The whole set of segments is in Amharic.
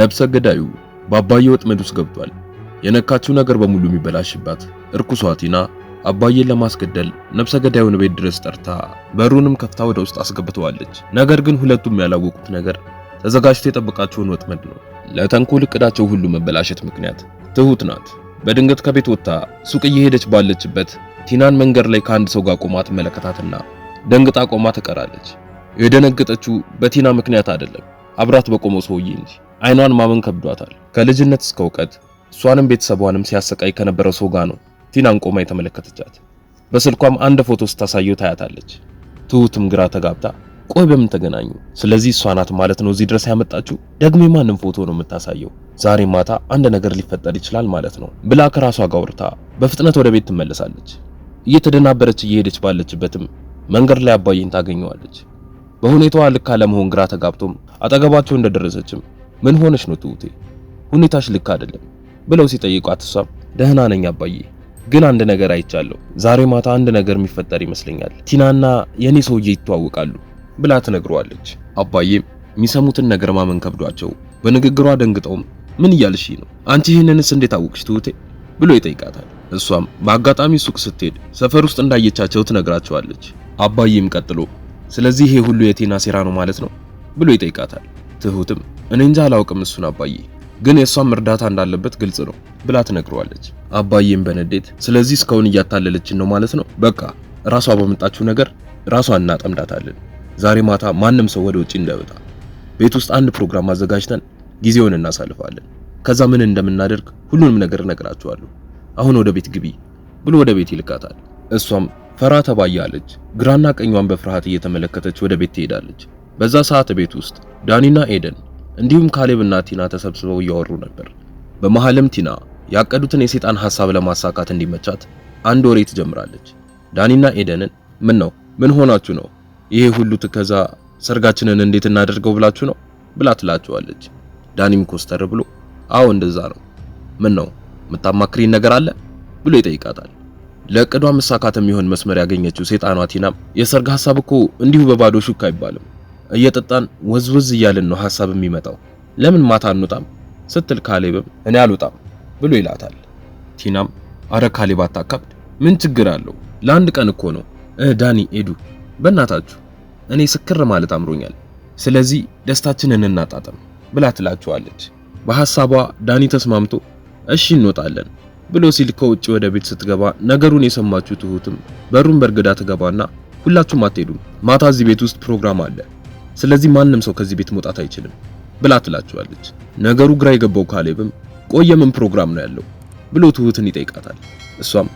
ነብሰ ገዳዩ በአባዬ ወጥመድ ውስጥ ገብቷል። የነካችው ነገር በሙሉ የሚበላሽባት እርኩሷ ቲና አባዬን ለማስገደል ነብሰ ገዳዩን ቤት ድረስ ጠርታ በሩንም ከፍታ ወደ ውስጥ አስገብተዋለች። ነገር ግን ሁለቱም ያላወቁት ነገር ተዘጋጅቶ የጠበቃቸውን ወጥመድ ነው። ለተንኮል እቅዳቸው ሁሉ መበላሸት ምክንያት ትሁት ናት። በድንገት ከቤት ወጥታ ሱቅ እየሄደች ባለችበት ቲናን መንገድ ላይ ከአንድ ሰው ጋር ቆማ ትመለከታትና ደንግጣ ቆማ ትቀራለች። የደነገጠችው በቲና ምክንያት አይደለም፣ አብራት በቆመው ሰውዬ እንጂ አይኗን ማመን ከብዷታል። ከልጅነት እስከ እውቀት እሷንም ቤተሰቧንም ሲያሰቃይ ከነበረው ሰው ጋር ነው ቲናን ቆማ የተመለከተቻት። በስልኳም አንድ ፎቶ ስታሳየው ታያታለች። ትሁትም ግራ ተጋብታ ቆይ በምን ተገናኙ? ስለዚህ እሷ ናት ማለት ነው እዚህ ድረስ ያመጣችው? ደግሞ የማንም ፎቶ ነው የምታሳየው? ዛሬ ማታ አንድ ነገር ሊፈጠር ይችላል ማለት ነው ብላ ከራሷ ጋር አውርታ በፍጥነት ወደ ቤት ትመለሳለች። እየተደናበረች እየሄደች ባለችበትም መንገድ ላይ አባይን ታገኘዋለች። በሁኔታዋ ልክ አለመሆን ግራ ተጋብቶም አጠገባቸው እንደደረሰችም ምን ሆነች ነው ትሁቴ፣ ሁኔታሽ ልክ አይደለም ብለው ሲጠይቋት እሷም ደህና ነኝ አባዬ፣ ግን አንድ ነገር አይቻለሁ። ዛሬ ማታ አንድ ነገር የሚፈጠር ይመስለኛል። ቲናና የኔ ሰውዬ ይተዋወቃሉ ብላ ትነግረዋለች። አባዬም የሚሰሙትን ነገር ማመን ከብዷቸው በንግግሯ ደንግጠውም ምን እያልሽ ነው? አንቺ ይህንንስ እንዴት አወቅሽ ትሁቴ ብሎ ይጠይቃታል። እሷም በአጋጣሚ ሱቅ ስትሄድ ሰፈር ውስጥ እንዳየቻቸው ትነግራቸዋለች። አባዬም ቀጥሎ ስለዚህ ይሄ ሁሉ የቲና ሴራ ነው ማለት ነው ብሎ ይጠይቃታል። ትሁትም እኔ እንጃ አላውቅም እሱን አባዬ፣ ግን የእሷም እርዳታ እንዳለበት ግልጽ ነው ብላ ትነግረዋለች። አባዬም በንዴት ስለዚህ እስካሁን እያታለለችን ነው ማለት ነው፣ በቃ ራሷ በመጣችው ነገር ራሷን እናጠምዳታለን። ዛሬ ማታ ማንም ሰው ወደ ውጪ እንዳይወጣ ቤት ውስጥ አንድ ፕሮግራም አዘጋጅተን ጊዜውን እናሳልፋለን። ከዛ ምን እንደምናደርግ ሁሉንም ነገር እነግራችኋለሁ። አሁን ወደ ቤት ግቢ ብሎ ወደ ቤት ይልካታል። እሷም ፈራ ተባያለች። ግራና ቀኟን በፍርሃት እየተመለከተች ወደ ቤት ትሄዳለች። በዛ ሰዓት ቤት ውስጥ ዳኒና ኤደን እንዲሁም ካሌብና ቲና ተሰብስበው እያወሩ ነበር። በመሃልም ቲና ያቀዱትን የሴጣን ሐሳብ ለማሳካት እንዲመቻት አንድ ወሬ ትጀምራለች። ዳኒና ኤደንን ምን ነው ምን ሆናችሁ ነው? ይሄ ሁሉ ትከዛ ሰርጋችንን እንዴት እናደርገው ብላችሁ ነው ብላ ትላቸዋለች። ዳኒም ኮስተር ብሎ አዎ እንደዛ ነው። ምን ነው የምታማክሪን ነገር አለ ብሎ ይጠይቃታል። ለእቅዷ መሳካት የሚሆን መስመር ያገኘችው ሴጣኗ ቲናም የሰርግ ሐሳብ እኮ እንዲሁ በባዶ ሹክ አይባልም እየጠጣን ወዝወዝ እያልን ነው ሐሳብ የሚመጣው። ለምን ማታ አንወጣም ስትል ካሌብም እኔ አልወጣም ብሎ ይላታል። ቲናም አረ ካሌብ አታካብድ፣ ምን ችግር አለው? ለአንድ ቀን እኮ ነው። እህ ዳኒ ኤዱ፣ በእናታችሁ እኔ ስክር ማለት አምሮኛል። ስለዚህ ደስታችንን እናጣጥም ብላ ትላችኋለች። በሐሳቧ ዳኒ ተስማምቶ እሺ እንወጣለን ብሎ ሲል ከውጭ ወደ ቤት ስትገባ ነገሩን የሰማችሁ ትሁትም በሩን በርግዳ ትገባና ሁላችሁም አትሄዱም፣ ማታ እዚህ ቤት ውስጥ ፕሮግራም አለ ስለዚህ ማንም ሰው ከዚህ ቤት መውጣት አይችልም ብላ ትላቸዋለች። ነገሩ ግራ የገባው ካሌብም ቆየ ምን ፕሮግራም ነው ያለው ብሎ ትሁትን ይጠይቃታል። እሷም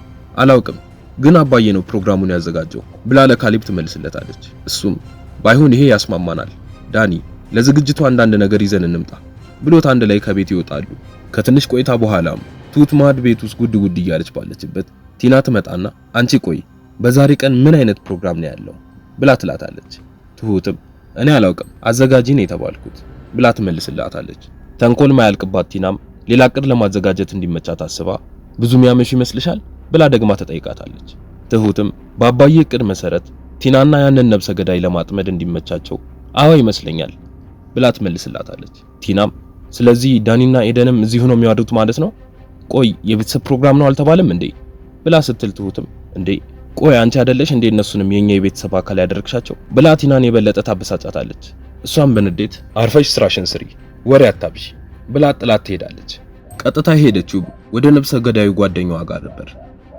አላውቅም ግን አባዬ ነው ፕሮግራሙን ያዘጋጀው ብላ ለካሌብ ትመልስለታለች። እሱም ባይሆን ይሄ ያስማማናል፣ ዳኒ ለዝግጅቱ አንዳንድ ነገር ይዘን እንምጣ ብሎት አንድ ላይ ከቤት ይወጣሉ። ከትንሽ ቆይታ በኋላም ትሁት ማድ ቤት ውስጥ ጉድ ጉድ እያለች ባለችበት ቲና ትመጣና አንቺ ቆይ በዛሬ ቀን ምን አይነት ፕሮግራም ነው ያለው ብላ ትላታለች። ትሁትም እኔ አላውቅም አዘጋጂ ነው የተባልኩት ብላ ትመልስላታለች። ተንኮል ማያልቅባት ቲናም ሌላ ቅድ ለማዘጋጀት እንዲመቻት አስባ ብዙ ሚያመሹ ይመስልሻል ብላ ደግማ ተጠይቃታለች። ትሁትም በአባዬ እቅድ መሰረት ቲናና ያንን ነብሰ ገዳይ ለማጥመድ እንዲመቻቸው አዎ ይመስለኛል ብላ ትመልስላታለች። ቲናም ስለዚህ ዳኒና ኤደንም እዚህ ሆኖ የሚያድሩት ማለት ነው? ቆይ የቤተሰብ ፕሮግራም ነው አልተባለም እንዴ? ብላ ስትል ትሁትም እንዴ ቆይ አንቺ አይደለሽ እንዴ እነሱንም የኛ የቤተሰብ አካል ያደረግሻቸው ብላቲናን የበለጠ ታበሳጫታለች። እሷም በንዴት አርፈሽ ስራሽን ስሪ፣ ወሬ አታብሽ ብላ ጥላት ትሄዳለች። ቀጥታ ሄደችው ወደ ነብሰ ገዳዩ ጓደኛዋ ጋር ነበር።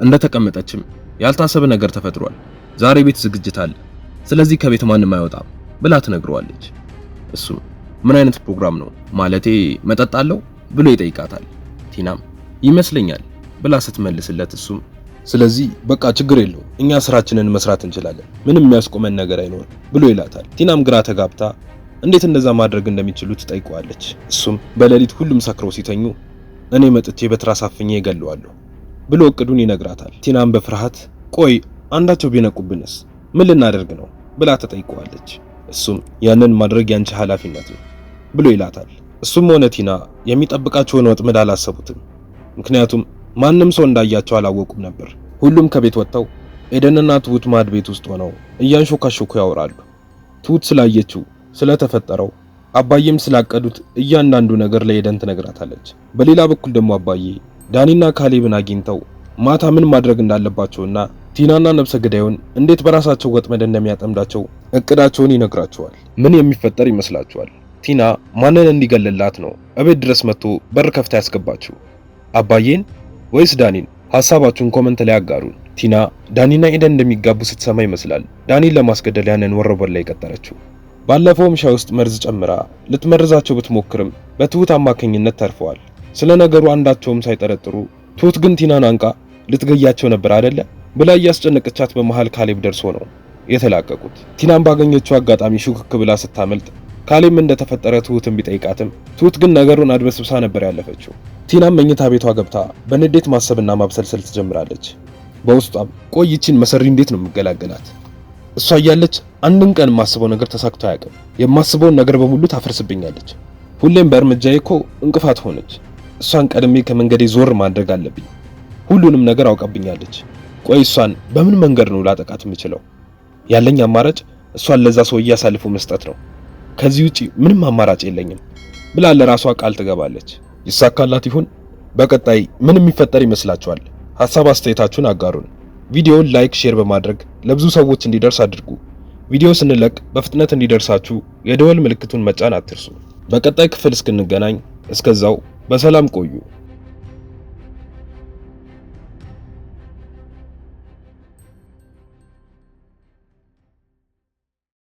እንደተቀመጠችም ያልታሰበ ነገር ተፈጥሯል፣ ዛሬ ቤት ዝግጅት አለ፣ ስለዚህ ከቤት ማንም አይወጣም ብላ ትነግረዋለች። እሱ ምን አይነት ፕሮግራም ነው ማለቴ መጠጥ አለው ብሎ ይጠይቃታል። ቲናም ይመስለኛል ብላ ስትመልስለት እሱም ስለዚህ በቃ ችግር የለው እኛ ስራችንን መስራት እንችላለን፣ ምንም የሚያስቆመን ነገር አይኖርም ብሎ ይላታል። ቲናም ግራ ተጋብታ እንዴት እንደዛ ማድረግ እንደሚችሉ ትጠይቀዋለች። እሱም በሌሊት ሁሉም ሰክረው ሲተኙ እኔ መጥቼ በትራስ አፍኜ እገለዋለሁ ብሎ እቅዱን ይነግራታል። ቲናም በፍርሃት ቆይ አንዳቸው ቢነቁብንስ ምን ልናደርግ ነው ብላ ተጠይቀዋለች። እሱም ያንን ማድረግ ያንቺ ኃላፊነት ነው ብሎ ይላታል። እሱም ሆነ ቲና የሚጠብቃቸውን ወጥመድ አላሰቡትም። ምክንያቱም ማንም ሰው እንዳያቸው አላወቁም ነበር። ሁሉም ከቤት ወጥተው ኤደንና ትሁት ማድ ቤት ውስጥ ሆነው እያንሾካሾኩ ያወራሉ። ትሁት ስላየችው፣ ስለተፈጠረው፣ አባዬም ስላቀዱት እያንዳንዱ ነገር ለኤደን ትነግራታለች። በሌላ በኩል ደግሞ አባዬ ዳኒና ካሌብን አግኝተው ማታ ምን ማድረግ እንዳለባቸውና ቲናና ነብሰ ገዳዩን እንዴት በራሳቸው ወጥመድ እንደሚያጠምዳቸው እቅዳቸውን ይነግራቸዋል። ምን የሚፈጠር ይመስላችኋል? ቲና ማንን እንዲገልላት ነው እቤት ድረስ መጥቶ በር ከፍታ ያስገባችሁ? አባዬን ወይስ ዳኒን? ሀሳባችሁን ኮመንት ላይ አጋሩን። ቲና ዳኒና ኤደን እንደሚጋቡ ስትሰማ ይመስላል ዳኒን ለማስገደል ያንን ወሮበላ ላይ ቀጠረችው። ባለፈውም ሻይ ውስጥ መርዝ ጨምራ ልትመርዛቸው ብትሞክርም በትሁት አማካኝነት ተርፈዋል። ስለ ነገሩ አንዳቸውም ሳይጠረጥሩ ትሁት ግን ቲናን አንቃ ልትገያቸው ነበር አይደለ ብላ እያስጨነቀቻት በመሃል ካሌብ ደርሶ ነው የተላቀቁት። ቲናን ባገኘችው አጋጣሚ ሹክክ ብላ ስታመልጥ ካሌም እንደተፈጠረ ትሁትን ቢጠይቃትም ትሁት ግን ነገሩን አድበስብሳ ነበር ያለፈችው። ቲናም መኝታ ቤቷ ገብታ በንዴት ማሰብና ማብሰልሰል ትጀምራለች። በውስጧም ቆይ ይቺን መሰሪ እንዴት ነው የምገላገላት? እሷ እያለች አንድን ቀን የማስበው ነገር ተሳክቶ አያውቅም። የማስበውን ነገር በሙሉ ታፈርስብኛለች። ሁሌም በእርምጃዬ እኮ እንቅፋት ሆነች። እሷን ቀድሜ ከመንገዴ ዞር ማድረግ አለብኝ። ሁሉንም ነገር አውቀብኛለች። ቆይ እሷን በምን መንገድ ነው ላጠቃት የምችለው? ያለኝ አማራጭ እሷን ለዛ ሰውዬ አሳልፎ መስጠት ነው። ከዚህ ውጪ ምንም አማራጭ የለኝም ብላ ለራሷ ቃል ትገባለች። ይሳካላት ይሆን? በቀጣይ ምን የሚፈጠር ይመስላችኋል? ሐሳብ አስተያየታችሁን አጋሩን። ቪዲዮውን ላይክ፣ ሼር በማድረግ ለብዙ ሰዎች እንዲደርስ አድርጉ። ቪዲዮ ስንለቅ በፍጥነት እንዲደርሳችሁ የደወል ምልክቱን መጫን አትርሱ። በቀጣይ ክፍል እስክንገናኝ እስከዛው በሰላም ቆዩ።